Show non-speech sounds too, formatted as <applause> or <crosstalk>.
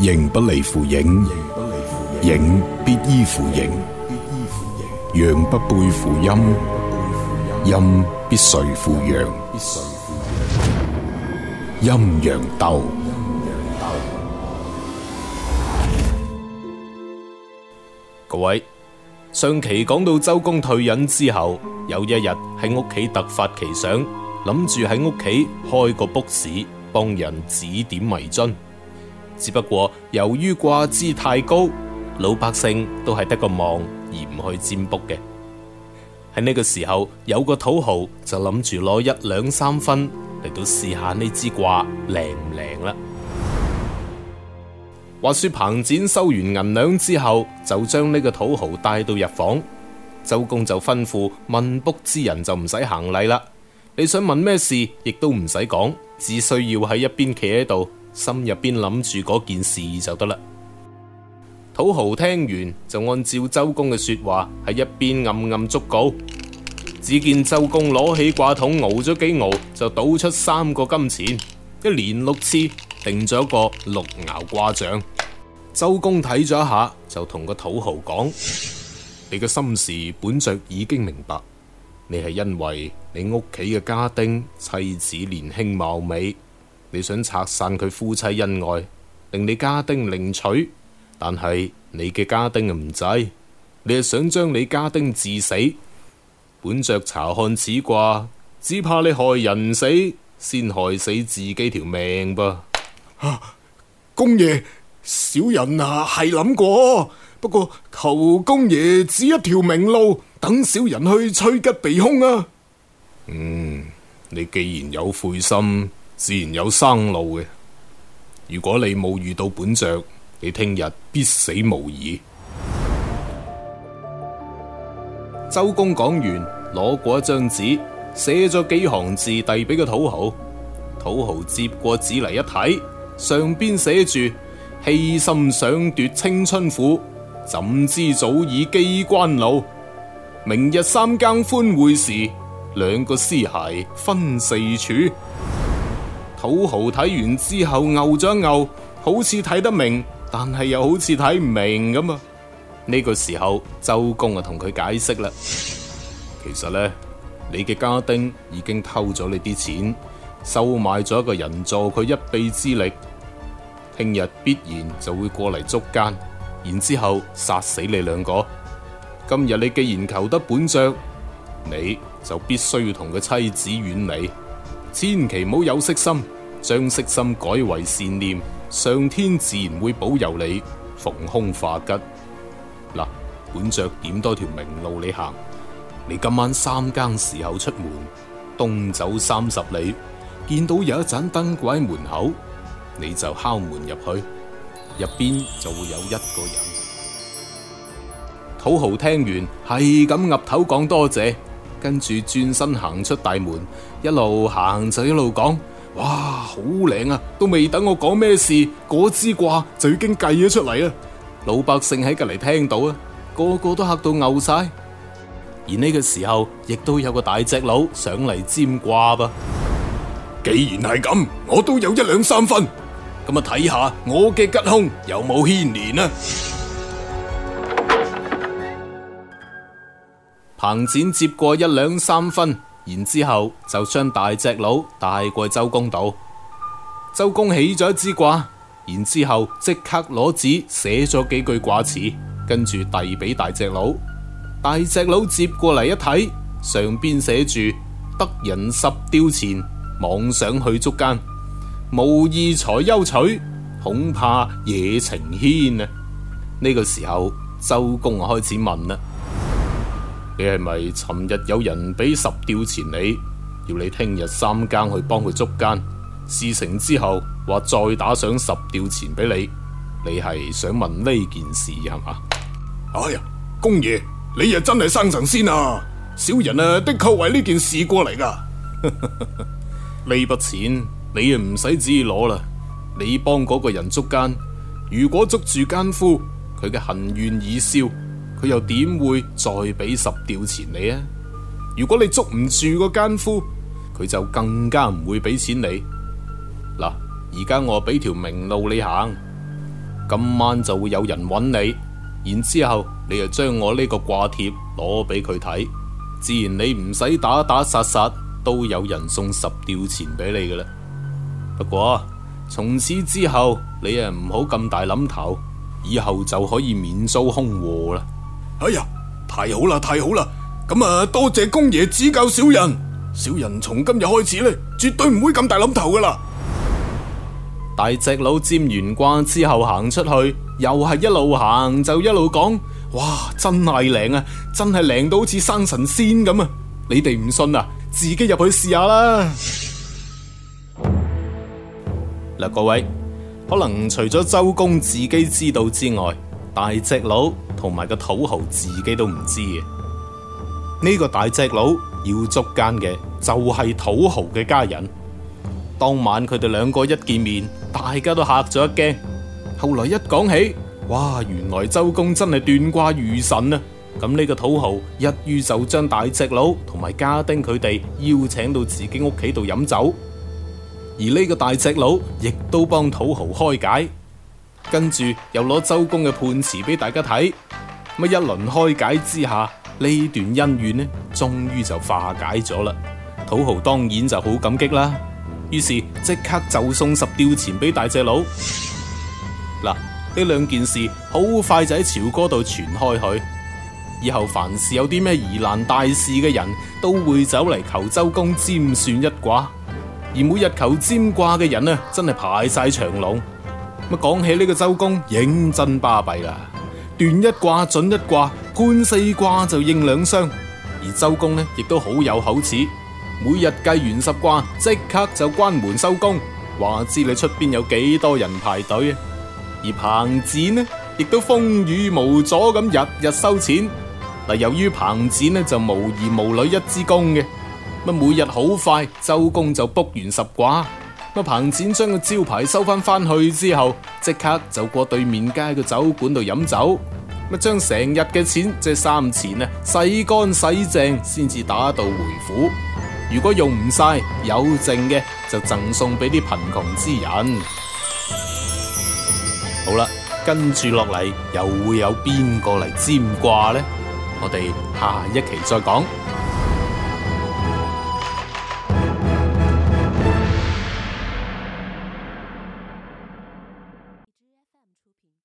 形不離乎影，影必依乎形；陽不背乎陰，陰必隨乎陽。陰陽鬥。各位，上期講到周公退隱之後，有一日喺屋企突發奇想，諗住喺屋企開個卜肆，幫人指點迷津。只不過由於卦資太高，老百姓都係得個望而唔去占卜嘅。喺呢個時候，有個土豪就諗住攞一兩三分嚟到試下呢支卦靈唔靈啦。靈靈 <noise> 話說彭展收完銀兩之後，就將呢個土豪帶到入房。周公就吩咐問卜之人就唔使行禮啦，你想問咩事，亦都唔使講，只需要喺一邊企喺度。心入邊諗住嗰件事就得啦。土豪聽完就按照周公嘅說話，喺一邊暗暗祝告。只見周公攞起卦筒，熬咗幾熬，就倒出三個金錢，一連六次，定咗一個六爻卦象。周公睇咗一下，就同個土豪講：你嘅心事本著已經明白，你係因為你屋企嘅家丁妻子年輕貌美。你想拆散佢夫妻恩愛，令你家丁另娶，但係你嘅家丁唔制，你係想將你家丁致死？本着查看此卦，只怕你害人死，先害死自己條命吧。啊，公爺，小人啊係諗過，不過求公爺指一條明路，等小人去趨吉避凶啊。嗯，你既然有悔心。自然有生路嘅。如果你冇遇到本著，你聽日必死無疑。周公講完，攞過一張紙，寫咗幾行字，遞俾個土豪。土豪接過紙嚟一睇，上邊寫住：欺心想奪青春苦，怎知早已機關老？明日三更歡會時，兩個屍骸分四處。土豪睇完之後，牛咗牛，好似睇得明，但係又好似睇唔明咁啊！呢個時候，周公啊同佢解釋啦，其實呢，你嘅家丁已經偷咗你啲錢，收買咗一個人助佢一臂之力，聽日必然就會過嚟捉奸，然之後殺死你兩個。今日你既然求得本著，你就必須要同佢妻子遠離。千祈唔好有色心，將色心改為善念，上天自然會保佑你逢凶化吉。嗱，本著點多條明路你行。你今晚三更時候出門，東走三十里，見到有一盞燈掛喺門口，你就敲門入去，入邊就會有一個人。土豪聽完係咁岌頭講多謝。跟住轉身行出大門，一路行就一路講，哇，好靚啊！都未等我講咩事，嗰支卦就已經計咗出嚟啦。老百姓喺隔籬聽到啊，個個都嚇到嘔晒。而呢個時候，亦都有個大隻佬上嚟占卦噃。既然係咁，我都有一兩三分，咁啊睇下我嘅吉凶有冇牽連啦、啊。彭展接過一兩三分，然之後就將大隻佬帶過周公度。周公起咗一支卦，然之後即刻攞紙寫咗幾句卦詞，跟住遞俾大隻佬。大隻佬接過嚟一睇，上邊寫住得人十雕錢，望上去捉奸，無意才休取，恐怕惹情牽啊！呢、這個時候，周公啊開始問啦。你係咪尋日有人俾十吊錢你，要你聽日三更去幫佢捉奸？事成之後話再打賞十吊錢俾你。你係想問呢件事係嘛？哎呀，公爺你又真係生神仙啊！小人啊的確為呢件事過嚟噶。呢筆錢你啊唔使自己攞啦，你幫嗰個人捉奸，如果捉住奸夫，佢嘅恨怨已消。佢又點會再俾十吊錢你啊？如果你捉唔住個奸夫，佢就更加唔會俾錢你。嗱，而家我俾條明路你行，今晚就會有人揾你，然之後你就將我呢個掛帖攞俾佢睇，自然你唔使打打殺殺，都有人送十吊錢俾你噶啦。不過從此之後，你啊唔好咁大諗頭，以後就可以免遭空禍啦。哎呀，太好啦，太好啦！咁啊，多謝公爺指教，小人。小人從今日開始呢，絕對唔會咁大諗頭噶啦。大隻佬占完卦之後行出去，又係一路行就一路講，哇！真係靚啊，真係靚到好似生神仙咁啊！你哋唔信啊，自己入去試下啦。嗱， <noise> 各位，可能除咗周公自己知道之外，大隻佬。同埋個土豪自己都唔知嘅，呢個大隻佬要捉奸嘅就係土豪嘅家人。當晚佢哋兩個一見面，大家都嚇咗一驚。後來一講起，哇，原來周公真係斷卦如神啊！咁呢個土豪一於就將大隻佬同埋家丁佢哋邀請到自己屋企度飲酒，而呢個大隻佬亦都幫土豪開解，跟住又攞周公嘅判詞俾大家睇。咁，一輪開解之下，呢段恩怨呢，終於就化解咗啦。土豪當然就好感激啦，於是即刻就送十吊錢俾大隻佬。嗱，呢 <coughs> 兩件事好快就喺朝歌度傳開去，以後凡是有啲咩疑難大事嘅人都會走嚟求周公占算一卦，而每日求占卦嘅人呢，真係排晒長龍。咁講起呢個周公，認真巴閉啦。斷一卦準一卦，判四卦就應兩雙。而周公呢，亦都好有口齒，每日計完十卦，即刻就關門收工。話知你出邊有幾多人排隊啊？而彭展呢，亦都風雨無阻咁日日收錢。嗱，由於彭展呢就無兒無女一支公嘅，每日好快，周公就卜完十卦。個彭展將個招牌收翻翻去之後，即刻就過對面街嘅酒館度飲酒，咪將成日嘅錢即三錢呢，洗乾洗淨先至打道回府。如果用唔晒有剩嘅，就贈送俾啲貧窮之人。好啦，跟住落嚟又會有邊個嚟占卦呢？我哋下一期再講。